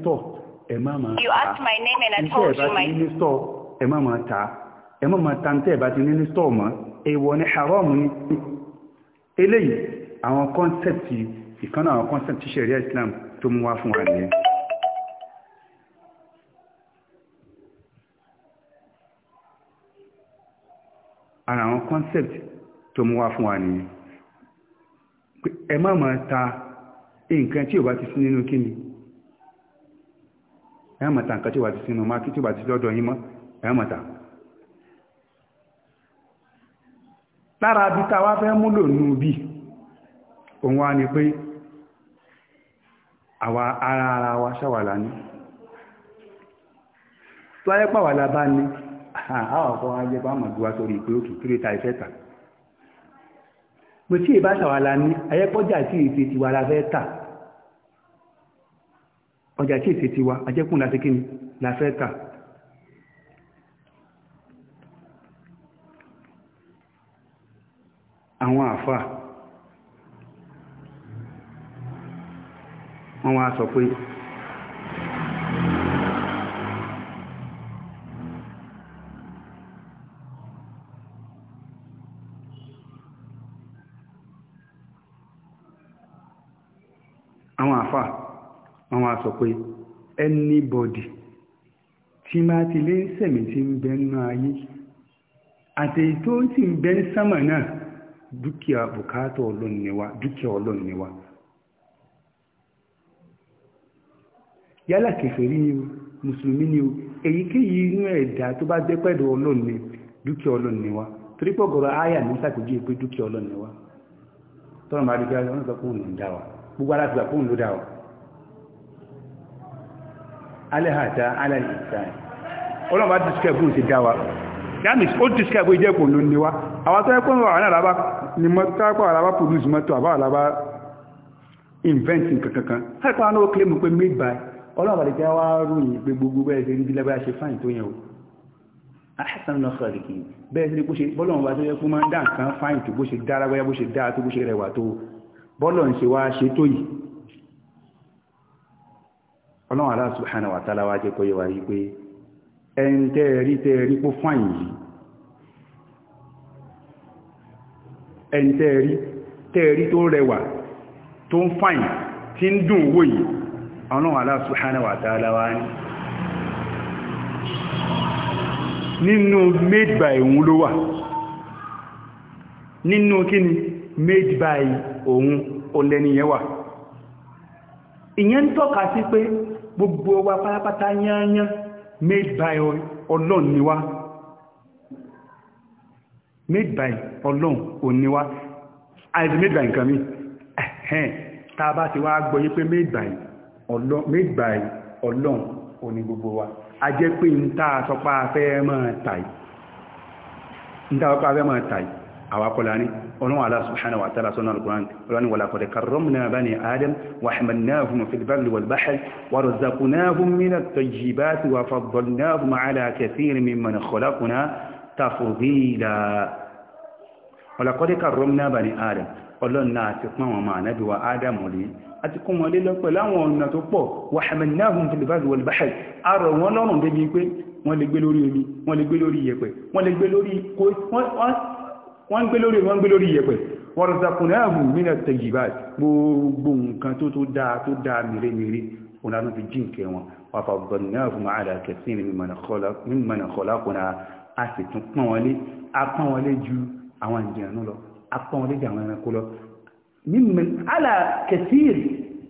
store ẹ má máa ta. you asked my name and I told you my. iṣẹ́ ìbá ti ní ní store ẹ má máa ta ẹ má máa ta níta ìbá ti ní mọ́ èèwọ̀ ni haram ni. eléyìí àwọn concept ìkan náà àwọn concept tí sẹ̀ríà Islam tó mú wá fún wa nìyẹn. ara àwọn concept tó mú wá fún wa nìyẹn ẹ má máa ta nǹkan tí ò bá ti sí nínú kíni ẹ̀yàn mọ̀ta nǹkan tí wà ti sínú máa kí tí wà ti lọ́dọ̀ yín mọ́ ẹ̀yàn lára bí ta fẹ́ múlò nù bí òun wá ni pé àwa ara ara wa ṣàwàlá ní tó ayé pàwàlá bá ní àwọn ọ̀pọ̀ ayé bá mọ̀ bí wá sórí ìpé òkè kí ta ìfẹ́ ta mo tí ì bá ṣàwàlá ní ayẹ́pọ́jà tí ì ti ti wà la ta ọjà tí èsì ti wa ajẹ́kùn láti kí ni la àwọn àfà wọ́n wá sọ pé sọ pé anybody tí máa ti lé sẹ̀mí tí ń bẹ nínú ayé àti tó ti bẹ sámà náà dúkìá bùkátà ọlọ́niwa dúkìá ọlọ́niwa yálà ni o mùsùlùmí ni o èyíkéyìí inú ẹ̀dá tó bá ọlọ́ni dúkìá ọlọ́niwa torí pọ̀ áyà ní sàkójú ìpé dúkìá ọlọ́niwa tọ́nà aláhàtà aláìsàn ọlọ́run bá describe bó ṣe dá wa yamis ó describe bó jẹ́ kò ló ní wa àwọn tó ẹkùn àwọn àlábá ni mọ́tàkọ́ àlábá produce mọ́tò àbá àlábá inventing kankankan sẹ́kọ́ àwọn ó claim pé made by ọlọ́run bá lè jẹ́ wá ròyìn pé gbogbo bẹ́ẹ̀ ṣe ń bí lábẹ́ ṣe fáìn tó yẹn o ahsan na khaliki bẹ́ẹ̀ ni bó ṣe bọ́lọ̀n bá tó wá ṣe tó yìí ọlọ́run Allah subhanahu wa ta'ala jẹ́ kó yé yí pé ẹni tẹ́ẹ̀rí tẹ́ẹ̀rí kó fáìn tó rẹwà tó ń tí ń dùn wò yìí ọlọ́run Allah nínú made by òun ló wà nínú kíni made by òun olẹ́niyẹ wà ìyẹn tọ́ka sí gbogbo wa pátápátá yányán made by ọlọ́run ni made by ọlọ́run ò ní àìsí made by nǹkan mi ẹ̀hẹ́n tá a bá ti wá gbọ́ yí pé made by ọlọ́run ò ní gbogbo wa a jẹ́ pé ń tá a sọpá afẹ́ mọ́ tàì àwákọ́lání ọlọ́wọ́ Allah subhanahu wa ta'ala sọ́nà al-Qur'an ọlọ́ni walaqad karramna bani adam wa hamalnahum fil barri wal bahri wa razaqnahum minat tayyibati wa faddalnahum ala kathirin mimman khalaqna tafdila walaqad karramna bani adam ọlọ́nà àti pọ́n wọn máa nábi wa ádámù rí àti kún wọn lé lọ́pẹ̀ láwọn ọ̀nà tó pọ̀ wà hamalnahum fil barri wal bahri arọ wọn lọ́rùn débi pé wọ́n lè gbé lórí omi wọ́n lè gbé lórí yẹ̀pẹ̀ wọ́n lè gbé lórí kó wọ́n ń gbé lórí wọ́n ń gbé lórí yẹ̀pẹ̀ wọ́rọ̀sàkùnrin mínà tẹ̀yìbá gbogbo nǹkan tó tó dáa tó dáa mèremère òun ló fi jíǹkẹ wọn wà fàbọ̀nà fún àdá kẹsìn mímọ̀nà kọlákùnà a sì tún pọ́n wọlé apọ́n wọlé ju àwọn ìjìnànú ala kẹsìn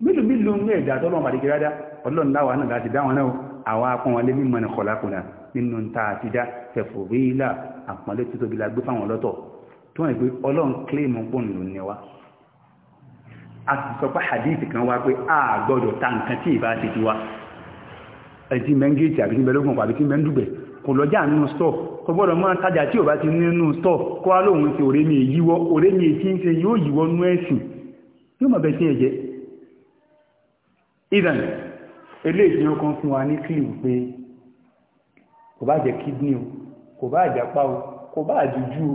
mélòó mélòó ní ẹ̀dà tó lọ́wọ́ àdìgẹ́ rádá ọlọ́run láwàá náà láti dá wọn náà àwọn apọ́n wọlé mímọ̀nà kọlákùnà nínú ta àtidá tẹ̀fọ̀rí tó wọ́n pé ọlọ́run kílèmù pọ̀nlò ní wá a ti sọ pé hadith kan wá pé a gbọ́dọ̀ ta nǹkan tí ìbá ti ti wá ẹ̀tí mẹ́ngẹ́ẹ̀tì àbí tí mẹ́lógún àbí tí mẹ́ndùgbẹ̀ kò lọ́jà nínú stọ̀ kò gbọ́dọ̀ máa tajà tí ò bá ti nínú stọ̀ kó wá lóun ti òré mi yíwọ́ òré mi èyí ń ṣe kò bá jẹ́ kídínì kò bá àjápá o kò bá àjújú o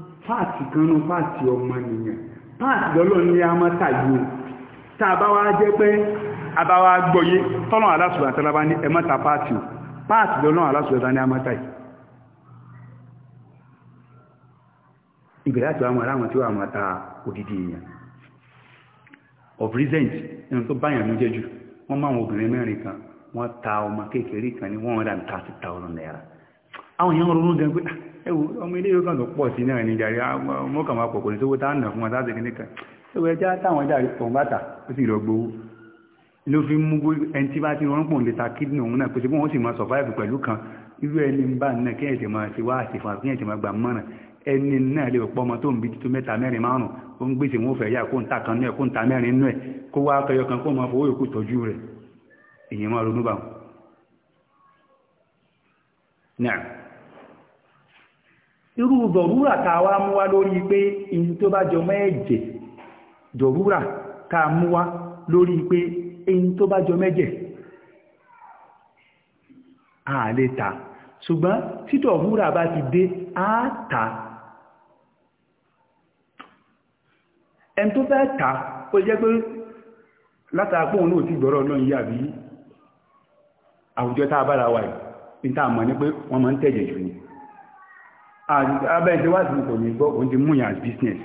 páàtì kan nú páàtì ọmọnìyàn páàtì lọ́lọ́ ní a máa tàyò tá a bá wá jẹ́ pé a bá wá gbọ́yé tọ́lọ̀ aláṣùgbà tọ́lábá ní ẹmọ́ta páàtì páàtì lọ́lọ́ aláṣùgbà ní a máa tàyò ìgbẹ̀láti wà mọ̀ aláwọn tí wà máa ta òdìdí èèyàn of recent ẹni tó báyàn ló jẹ́ jù wọ́n máa wọn obìnrin mẹ́rin kan wọ́n ta ọmọ kékeré kan ní 130,000 naira àwọn èèyàn ronú gan pé ah, ẹwù ọmọ ilé yóò kàn tó pọ̀ sí náà ní jàrí mọ́kànlá pọ̀ kò ní sówó táà nà fún àtàzẹ̀ kìnnìkan ẹwù ẹjá táwọn jàrí pọ̀n ó sì rọgbó ló fi mú ẹni tí bá ti rọrùn pọ̀ lè ta kídìnì òun náà pèsè wọ́n sì máa sọ̀fáìfù kan irú ẹni ń bá náà kí ẹ̀jẹ̀ máa ṣe wá àṣìfà kí ẹ̀jẹ̀ máa gbà mọ́ràn ẹni náà lè pọ́ ọmọ tó ń bí tó mẹ́ta mẹ́rin márùn ó ń gbèsè wọn fẹ́ yà kó ń ta kan náà kó ń ta mẹ́rin nú ẹ̀ kó wá akẹyọ kan kó máa fowó yòókù tọ́jú rẹ̀ èyí irú dọ̀rúrà tá a wá mú wá lórí pé ihun tó bá jọmọ́ ẹ̀jẹ̀ dọ̀rúrà tá a mú wá lórí pé ihun tó bá jọmọ́ ẹ̀jẹ̀ a lè ta ṣùgbọ́n tí dọ̀rúrà bá ti dé a ta ẹn tó fẹ́ ta ó jẹ́ pé látàpọ̀ náà ti gbọ́rọ̀ náà yà bí àwùjọ tá a bára wà yìí ní tá a mọ̀ ní pé wọ́n máa ń tẹ̀jẹ̀ jù ni abẹ́ ìṣẹ́wàtí kò ní gbọ́ òun ti mú yàn business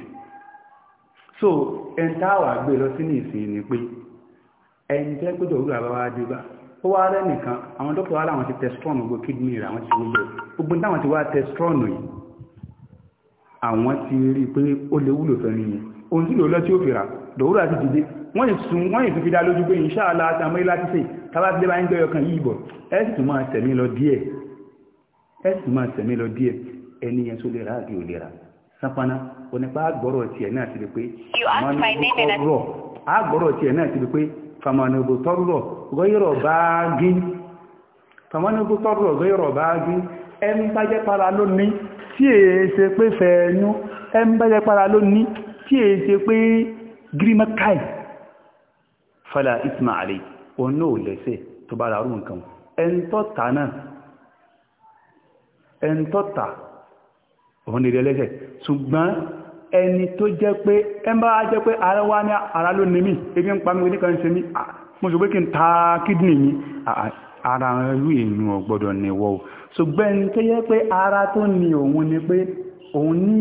so ẹn táwà gbé lọ sí ní ìsìn ni pé ẹni tẹ́ pẹ́jọ òwúrọ̀ àbáwá dé bá ó wá rẹ́ nìkan àwọn dókítà wá láwọn ti testosterone gbogbo kidney rẹ̀ àwọn ti wúlò gbogbo táwọn ti wá testosterone yìí àwọn ti rí i pé ó lè wúlò fẹ́ nìyẹn ohun tí lòó lọ tí ó fi rà lòwúrọ̀ àti dìde wọ́n yìí wọ́n yìí fi dá lójú pé ìṣáàlá àtàmọ́ láti ṣe tábà ti dé bá ń gbẹ́yọ kan yìí bọ̀ ẹ sì tún máa tẹ̀mí lọ díẹ̀ ẹ sì tún máa tẹ̀mí lọ díẹ̀ ẹni yẹn tó lè ra àbí ò náà ti rí pé famanubotọ́rọ̀ àgbọ̀rọ̀ tiẹ̀ náà ti rí pé famanubotọ́rọ̀ gọ́yọ̀rọ̀ gọ́yọ̀rọ̀ ẹni bá jẹ́ para lónìí tí èé ṣe pé fẹ̀ẹ́yún ẹni bá jẹ́ para lónìí tí èé ṣe pé gírímẹ́káì fala isma ali òun náà lẹ́sẹ̀ tó bá ra kan ẹni tọ́ta náà òun lè lẹ́lẹ́sẹ̀ ṣùgbọ́n ẹni tó jẹ́ pé ẹmbá jẹ́ pé ara wá ní ara ló ní mí ebi ń pa mí oníkan ṣe mí mo ṣùgbé kí n ta kídìnì mi ara ẹlú èèyàn ọgbọ́dọ̀ ní wọ́ o ṣùgbọ́n ẹni tó jẹ́ pé ara tó ní òun ni pé òun ní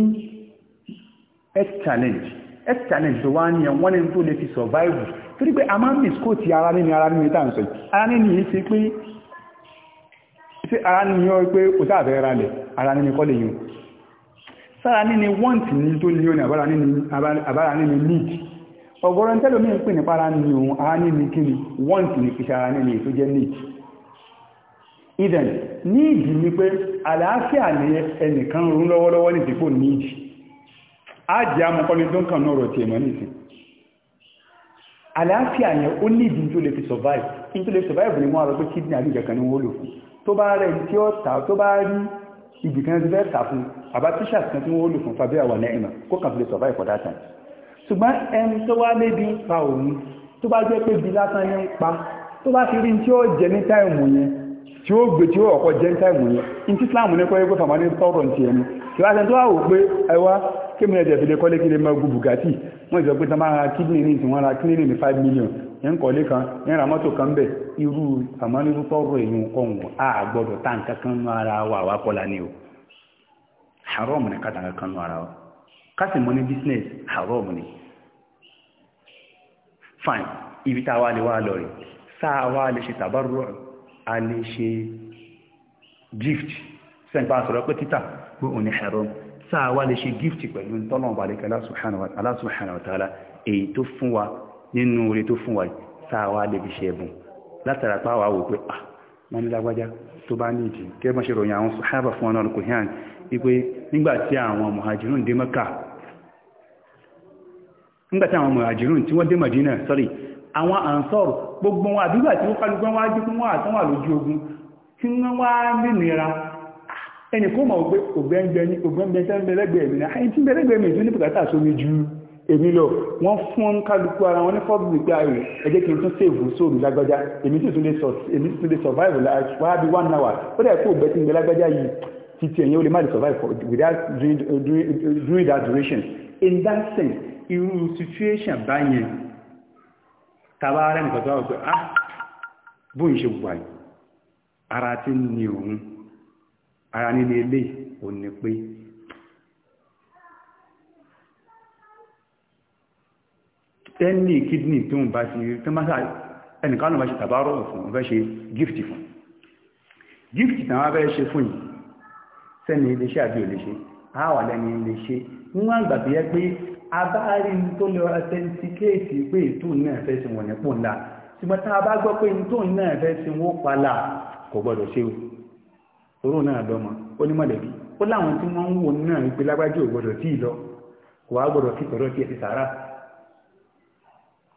health challenge health challenge tó wá ní ẹ̀ wọ́n ní tó lè fi survive torí pé a máa ń miss kóòtì ara nínú ara nínú ìta ǹsọ̀ ara nínú yìí ṣe pé ara nínú yọ pé kò sáà fẹ́ ra lẹ̀ ara nínú kọ́ lè sára níni want ní tó ní òní àbára níni need ọ̀gọ̀rọ̀ tẹ́lómi ń pè ní para ní ohun a níni kí ni want ní fi sára níni tó jẹ́ need ìdẹ̀n ní ìdí ní pé àlàáfíà ní ẹnìkan rún lọ́wọ́lọ́wọ́ ní ìdíkò need a jẹ́ amọ́kọ́ni tó ń kàn náà rọ̀ tí ẹ̀mọ́ survive in tó survive ní wọ́n rọ pé kidney àbí ìjẹ̀kan ní wọ́n ibì kan ti fẹ́ tà fún àbá tíṣàtì kan tí wọ́n lò fún fàbí àwọn nẹ́ẹ̀mà kó kàn fi lè sọ̀bá ìkọ̀dá tàn ṣùgbọ́n ẹni tó wá lébi ń pa òun tó bá jẹ́ pé bí lásán ní ń pa tó bá ti rí tí ó jẹ ní táìmù yẹn tí ó gbé tí ó ọ̀kọ́ jẹ ní táìmù yẹn in tí islam ní kọ́ ẹgbẹ́ fàmà ní tọ́rọ̀ five million ń kọ́lé kan ń ra mọ́tò kan bẹ̀ irú àmọ́ irú tọ́rọ èèyàn ọ̀hún a gbọ́dọ̀ tá nǹkan kan ara wa wá kọ́lá ni o haram ni ká tá nǹkan ara wa ká sì business haram ni fine ibi tá a wá lè wá lọ rè sáà wá lè ṣe tàbárò a lè ṣe gift sẹ́ńpá sọ̀rọ̀ pé títà pé òní haram sáà wá lè ṣe gift pẹ̀lú tọ́lọ̀ ọba àlekẹ́ Allah wa ta'ala èyí tó fún wa nínú orí tó fún wa sáàwá lè fi ṣe ẹ̀bùn látara wò pé ah wọ́n ní lágbájá tó bá ní ìdí ròyìn àwọn sahaba fún ọ̀nà ọ̀rùkù hàn wípé nígbàtí àwọn Madina sorry àwọn ansor gbogbo wọn àbígbà tí wọ́n kálùgbọ́n wá jí fún wọn lójú ogun tí wọ́n wá ní nira ẹnì kó mọ̀ pé ní mi ní èmi lọ wọ́n fún kálukú ara wọn ní fọ́bù wípé ayò ẹjẹ́ kí n tún sèvù sóòrù lágbájá èmi sì tún lè survive wáá bí one hour ó dẹ̀ kó ògbẹ́ tí ń gbẹ lágbájá yìí títí ẹ̀yìn ó lè má lè survive for without during, during, during that duration in that sense irú situation báyẹn tàbá ara nìkan tó wà pé ah bóyìn ṣe wà yìí ara ti ń ní òun ara nílé eléyìí ò ní pé tẹ́ni kidney tó ń bá ti rí tó máa ẹnìkan lọ máa ṣe tàbárọ̀ fún ọ̀fẹ́ ṣe gift fún gift tàwọn abẹ́ ṣe fún yìí sẹ́ni àbí àwà lẹ́ni pé a bá tó lọ ẹsẹ̀ntikéètì pé ètò náà fẹ́ sí wọn nípò ńlá ṣùgbọ́n tá a bá gbọ́ pé ètò náà fẹ́ ṣe o náà lọ́mọ ó ní mọ̀lẹ́bí ó láwọn tí wọ́n ń wò náà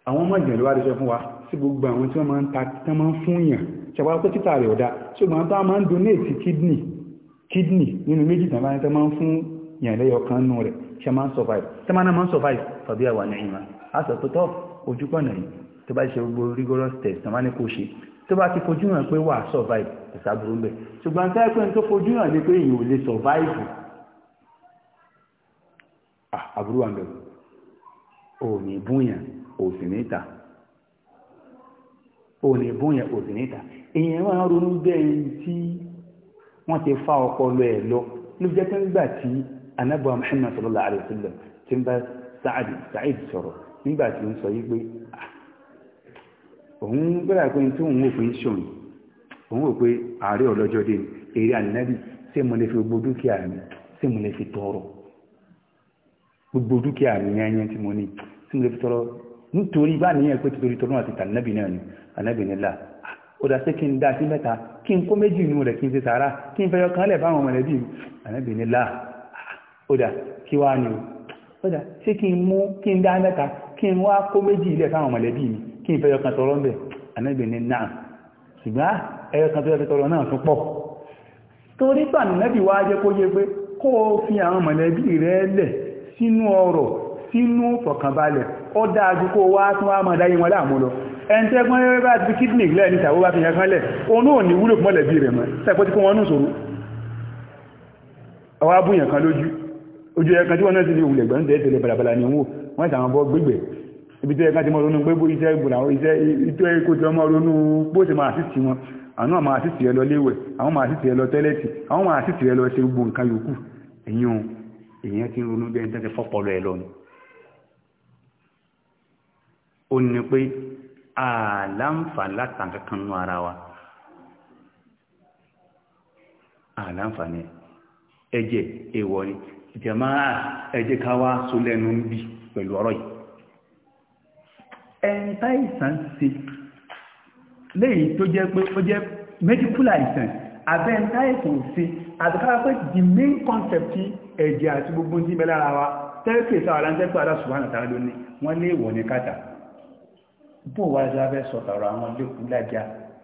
àwọn ọmọ ìjìnlẹ̀ wá ríṣẹ́ fún wa sí gbogbo àwọn tí wọ́n máa ń ta tán máa ń fún yàn ṣàpá pé títà rẹ̀ ọ̀dá ṣùgbọ́n tán máa ń donate kidney kidney nínú méjì tán bá ní tán máa ń fún yàn lẹ́yọ kan nù rẹ̀ ṣe máa ń survive tán máa ń survive fàbí àwà ní ìmọ̀ a sọ pé tọ́ ojú pọ̀nà tó bá ṣe gbogbo rigorous test tán máa ní kó ṣe tó bá ti fojú hàn pé wà survive kò sábúrú bẹ̀ ṣùgbọ́n tá ẹ pé tó fojú hàn ni pé èèyàn ò lè survive àbúrò àmì ò ní búyàn òsì níta òní bùn yẹn òsì níta èèyàn máa ń ronú bẹ́ẹ̀ tí wọ́n ti fa ọpọlọ ẹ̀ lọ ló jẹ́ pé tí anábọ̀ Muhammad sallallahu alayhi wa sallam ti ń bá Sa'id Sa'id sọ̀rọ̀ nígbà tí ń sọ yí pé ah, òun gbọ́dọ̀ pé tí òun ò pé ń ṣòyìn òun ò pé ààrẹ ọlọ́jọ́ dé eré ànínábì ṣé mo lè fi gbogbo dúkìá mi ṣé mo lè fi tọrọ gbogbo dúkìá mi yányán tí mo ní tí mo lè fi tọrọ nítorí bá níyàn pé títorí tó náà ti náà ni anábì nílá ah, ó dá sí kí n dá sí mẹ́ta kí n kó méjì inú rẹ̀ kí n ti sàárá kí n fẹ́yọ kan lẹ̀ fáwọn mọ̀lẹ́bí anábì nílá ah, ó dá kí wá ní ó dá sí kí n mú kí n dá mẹ́ta kí n wá kó méjì ilẹ̀ fáwọn mọ̀lẹ́bí mi kí n fẹ́yọ kan tọrọ ń bẹ̀ anábì ní ṣùgbọ́n ẹyọ kan tó ó dáa jù kó wá tún wá máa dáyé wọn láàmú lọ ẹn tẹ́ gbọ́n rẹ̀ bá ti kidney lẹ́ níta ó bá fi yankan lẹ̀ òun náà ní wúlò mọ́lẹ̀ bí rẹ̀ mọ́ sẹ́pọ̀ tí kó wọn nù sòrò àwọn abúyàn kan lójú ojú ẹ̀kan tí wọ́n náà ti ní òwúlẹ̀ gbọ́n tẹ́ tẹ́lẹ̀ balabala ni wọ́n wọ́n tàwọn bọ́ gbígbẹ̀ ibi tó ẹ̀kan ti mọ́ ronú pé bó iṣẹ́ ìbùn àwọn iṣẹ́ ìtọ́ ẹ̀kọ́ tí wọ́n mọ́ ronú bó ṣe máa sísì wọn àwọn máa sísì ẹ lọ léwẹ̀ àwọn máa sísì ẹ lọ tẹ́lẹ̀tì àwọn máa sísì ẹ lọ ṣe gbogbo nǹkan bẹ́ẹ̀ tẹ́tẹ́ fọ́pọ̀lọ ẹ̀ ó ní pé àlàǹfààní látàn kankan nú ara wa àlàǹfààní ẹ̀jẹ̀ èèwọ̀ ni jàmáà ẹ̀jẹ̀ ká wá sọ lẹ́nu ń bì pẹ̀lú ọ̀rọ̀ yìí ẹni tá ìsàn ṣe léyìí tó jẹ́ pé ó jẹ́ medical àìsàn abẹ́ ẹni tá ìsàn ṣe àtàkàrà pé the main concept ẹ̀jẹ̀ àti gbogbo ń dín bẹ́ lára wa tẹ́lifíṣà àlàǹtẹ́pẹ́ àdásùwọ̀n àtàrà lónìí wọ́n lé ìwọ̀ ní kàtà bó wá lábẹ́ sọ̀tàrọ̀ àwọn lẹ́kùnlájà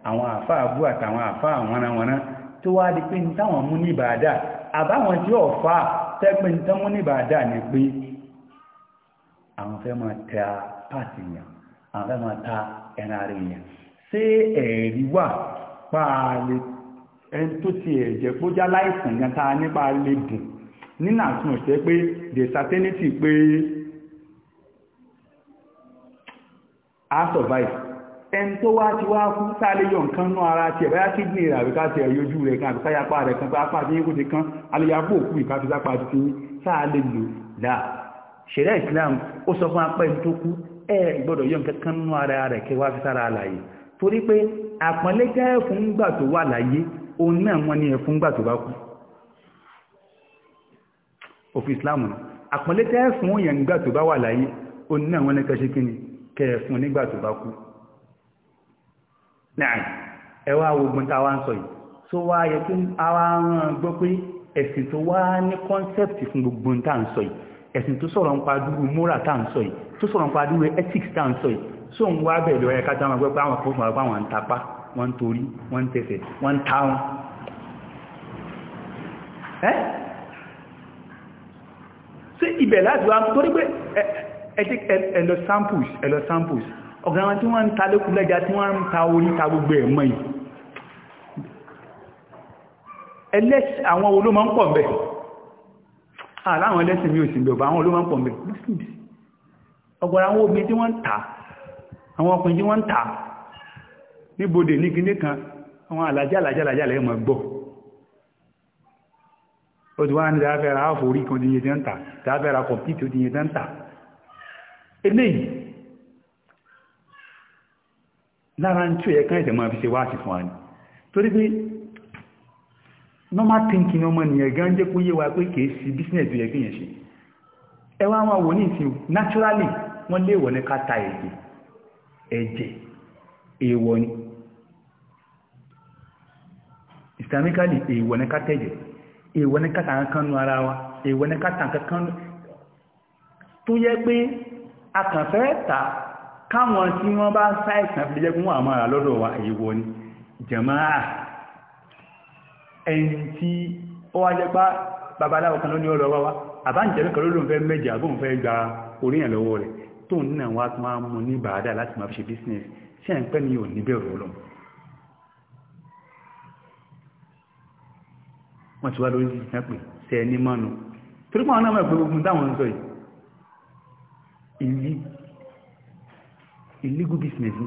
àwọn àfá àbú àtàwọn àfá àwọnawọná tó wá di pé táwọn mú ní bàdá àbáwọn tí ó fà tẹ́gbẹ́ tán mú ní bàdá ní pé àwọn fẹ́ máa ta pàtì yàn àwọn fẹ́ máa ta ẹran ara èèyàn ṣé ẹ̀rí wà páàlẹ̀ ẹni tó ti ẹ̀jẹ̀ pójá láìsàn yàn ta nípa lè dùn nínà tún pé the certainty pé a survive ẹn tó wá ti wá fún sáàlẹ̀ yọ nǹkan náà ara ti ẹ̀báyá kidney rẹ̀ àbíká ti ẹ̀yọ ojú rẹ̀ kan àbíká yapa rẹ̀ kan pápá àti yíkú ti kan alẹ́yàgbó òkú ìkáfisápa ti fi sáàlẹ̀ lò dáa ṣẹ̀rẹ́ Islam ó sọ fún apẹ́ tó kú ẹ gbọ́dọ̀ yọ nǹkan kan náà ara rẹ̀ kẹwàá fi sára àlàyé torí pé àpọ́nlé jẹ́ ẹ̀fún gbà tó wà láyé òun náà wọ́n ní ẹ̀fún gbà tó bá kú òfin Islam àpọ́nlé jẹ́ ẹ̀fún òyìnbà tó bá wà láyé òun náà wọ́n ní kẹ́ṣe kíni kẹfún nígbà tó bá kú náà ẹwà ogun tá a wá ń sọ yìí tó wá yẹ kí a wá rán gbọ́ pé ẹ̀sìn tó wá ní kọ́nsẹ́pìtì fún gbogbo tá à ń sọ yìí ẹ̀sìn tó sọ̀rọ̀ nípa dúró moral tá à ń sọ yìí tó sọ̀rọ̀ nípa dúró ethics tá à ń sọ yìí tó ń wá bẹ̀rẹ̀ lọ́yẹ ká tá wọn gbọ́ pé àwọn kan fún wa pé àwọn ń tapá wọ́n ń torí wọ́n ń tẹsẹ̀ wọ́n ń ta wọn. ṣé ibẹ̀ láti wá torí pé ẹjẹ́ ẹlọ samples ẹlọ samples ọ̀gá wọn tí wọ́n ń ta lókù lẹ́jà tí wọ́n ń ta orí ta gbogbo ẹ̀mọ́ yìí ẹlẹ́sì àwọn oló máa ń pọ̀ bẹ̀ aláwọn ẹlẹ́sìn mi ò sí bẹ̀rẹ̀ àwọn oló máa ń pọ̀ bẹ̀ muslims ọgbọ̀rọ̀ àwọn obìnrin tí wọ́n ń ta àwọn ọkùnrin tí wọ́n ń ta níbodè ní kinní kan àwọn àlàjá àlàjá àlàjá lẹ́yìn mọ̀ gbọ́ ó ti wá ní dáfẹ́ra áfò orí kan ti yẹ ti ń ta dáfẹ́ra kọ̀mpútì ó ti yẹ ti ń ta eléyìí lára ń tí ó yẹ kán ìtẹ̀ máa fi ṣe wáàsí fún wa ni torí pé normal thinking ọmọ ènìyàn gan jẹ́ kó yé wa pé kìí sí business tó yẹ kí yẹn ṣe ẹ wọn wò ní ìsìn naturally wọ́n léèwọ̀ ní ká ta ẹ̀jẹ̀ ẹ̀jẹ̀ èèwọ̀ ni islamically èèwọ̀ ní ká tẹ̀jẹ̀ èèwọ̀ ní ká tàn nu ara wa èèwọ̀ ní ká tàn kan tó yẹ pé akànfẹ́ ta káwọn tí wọ́n bá sáìsàn fi jẹ́gún àwọn ará lọ́dọ̀ wa èyíwọ ni jẹ̀máà ẹni tí ó wá jẹ́ pá babaláwo kan lóní ọlọ́wọ́ wá àbáǹjẹ́lú kan lóòrùn fẹ́ mẹ́jẹ̀ àbóhùn fẹ́ gba orí ẹ̀ lọ́wọ́ rẹ̀ tó ń nà business tí à ń pẹ́ ní ò ní bẹ̀rù ọlọ́ wọ́n ti wá lórí ìsìnkú sẹ́ẹ̀ ní mọ́nu torí pé náà mọ̀ pé ogun táwọn ń sọ yìí èyí illegal business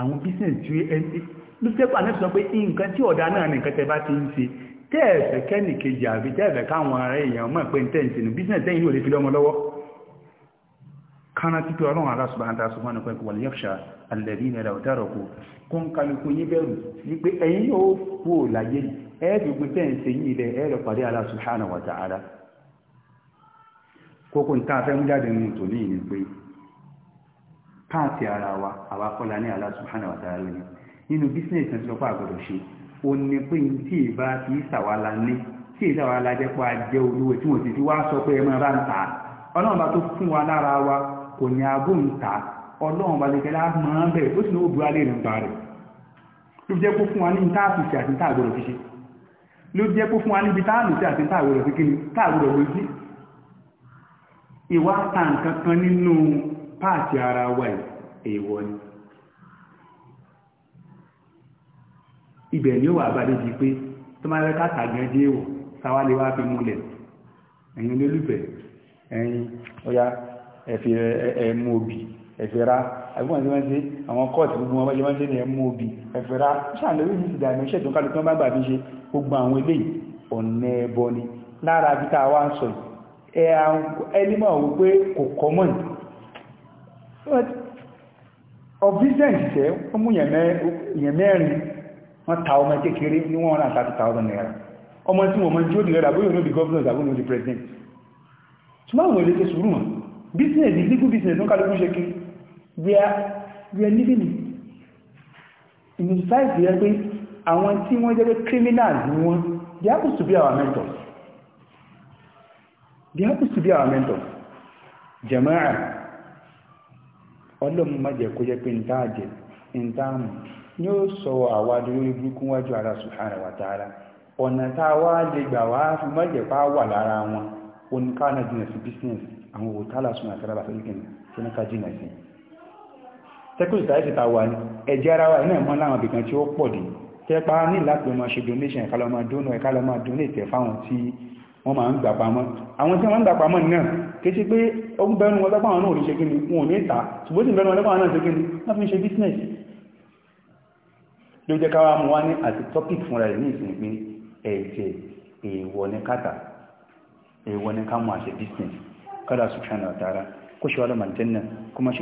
àwọn business tí ẹni ló tẹ́pà náà sọ pé nǹkan tí ọ̀dá náà ní nǹkan tẹ́bá ti ń ṣe tẹ́ẹ̀fẹ́ kẹ́nìkejì àbí tẹ́ẹ̀fẹ́ káwọn ará èèyàn mọ̀ pé tẹ́ǹtì business tẹ́yìn yóò lè fi lọ́mọ lọ́wọ́ kánà títí ọlọ́run ará ṣùgbọ́n àtà ṣùgbọ́n nípa ìwọ̀n yọ́ṣà alẹ́bí ní ẹ̀dà òdàrọ̀ kù kó ń kálukú yín bẹ̀rù ní pé ẹ̀yin yóò kú ò láyé ẹ̀ẹ́dùgbìn tẹ́ǹtì wa ta'ala kókó ní táa fẹ́ mú jáde ni pé káàtì ara wa àwa kọ́lá ní Allah subhanahu wa ta'ala lónìí nínú bísínẹ̀sì náà ti lọ́pọ̀ àgbọ̀dọ̀ ṣe ó ní pé tí ìbá kì í sàwálà ní tí ìsàwálà jẹ́ pé a jẹ́ olúwe tí wọ́n ti fi wá sọ pé ẹ máa bá ń ta ọlọ́run bá tó fún wa lára wa ní agbó ọlọ́run bá lè fẹ́ lá máa ń bẹ̀rẹ̀ ó sì ní òbí wa lè rìn rẹ̀ ló jẹ́ kó fún wa ní táàfìsì àti táàgbọ̀dọ̀ fi ló jẹ́ kó fún wa níbi táàlùsí àti táàgbọ̀dọ̀ fi kíni táàgbọ̀dọ̀ lójú ìwá ta nǹkan kan nínú páàtì ara wa èèwọ̀ ni ibẹ̀ ni ó wà bá débi pé tó máa rẹ káàkà gan dé èèwọ̀ sáwálé wá fi múlẹ̀ ẹ̀yin olólùfẹ́ ẹ̀yin ọya ẹ̀fì ẹ̀mú obì ẹ̀fẹ́ra àbúkọ̀ ní wọ́n ṣe àwọn kọ́ọ̀tù gbogbo wọn báyé wọ́n ṣe ní ẹ̀mú obì ẹ̀fẹ́ra ṣàlórí ní ìdàmú iṣẹ́ tó kálukú wọn bá gbà fi ṣe gbogbo àwọn eléyìí ọ̀nà ẹbọ ni lára bí tá a wá ń sọ yìí ẹnimọ̀ wípé kò kọmọ̀ ní ọ̀bíṣẹ́ǹ ṣẹ́ wọ́n mú èèyàn mẹ́rin wọ́n ta ọmọ kékeré ní 130,000 naira ọmọ tí wọ́n mọ́ tí ó dìrẹ́dà bóyá ní di governor àbúrò ní di president ṣùgbọ́n àwọn ilé tó sùúrù wọn business is legal business ló kálukú ṣe kí we are living in society yẹ pé àwọn tí wọ́n jẹ́ criminals ni wọ́n they happen to be our mentors They happens to be our mentor Jama'a. Ọlọ́run má jẹ́ kó jẹ́ pé ń tá àjẹ́, ń tá àmù. Ní ó sọ àwádìí lórí burúkú wájú ara subhanahu wa ta'ala. Ọ̀nà tá a wá lè gbà wá fi má jẹ́ pa wà lára wọn. Ó ní ká náà jìnà sí business àwọn òwò tálà sùn àtàrà bàtà ìkìn tí ní ká jìnà sí. ti ta wà ní ẹjẹ́ ara wa iná ìmọ̀ láwọn ibìkan tí ó pọ̀ dé. ní ọmọ ṣe donation donate ẹ̀ fáwọn tí wọ́n máa ń gbà pamọ́ àwọn tí wọ́n ń gbà pamọ́ náà kéṣe pé ogun bẹnu wọn lọ́pàá náà ò ní ṣe gíní wọn ò ní ìta ṣùgbọ́n tí bẹnu wọn lọ́pàá náà ṣe gíní wọ́n fi ń ṣe business ló jẹ́ káwàá mú wá ní àti topic fúnra rẹ̀ ní ìsìn pé ẹ̀jẹ̀ business kọ́dà subhanahu wa ta'ala kó ṣe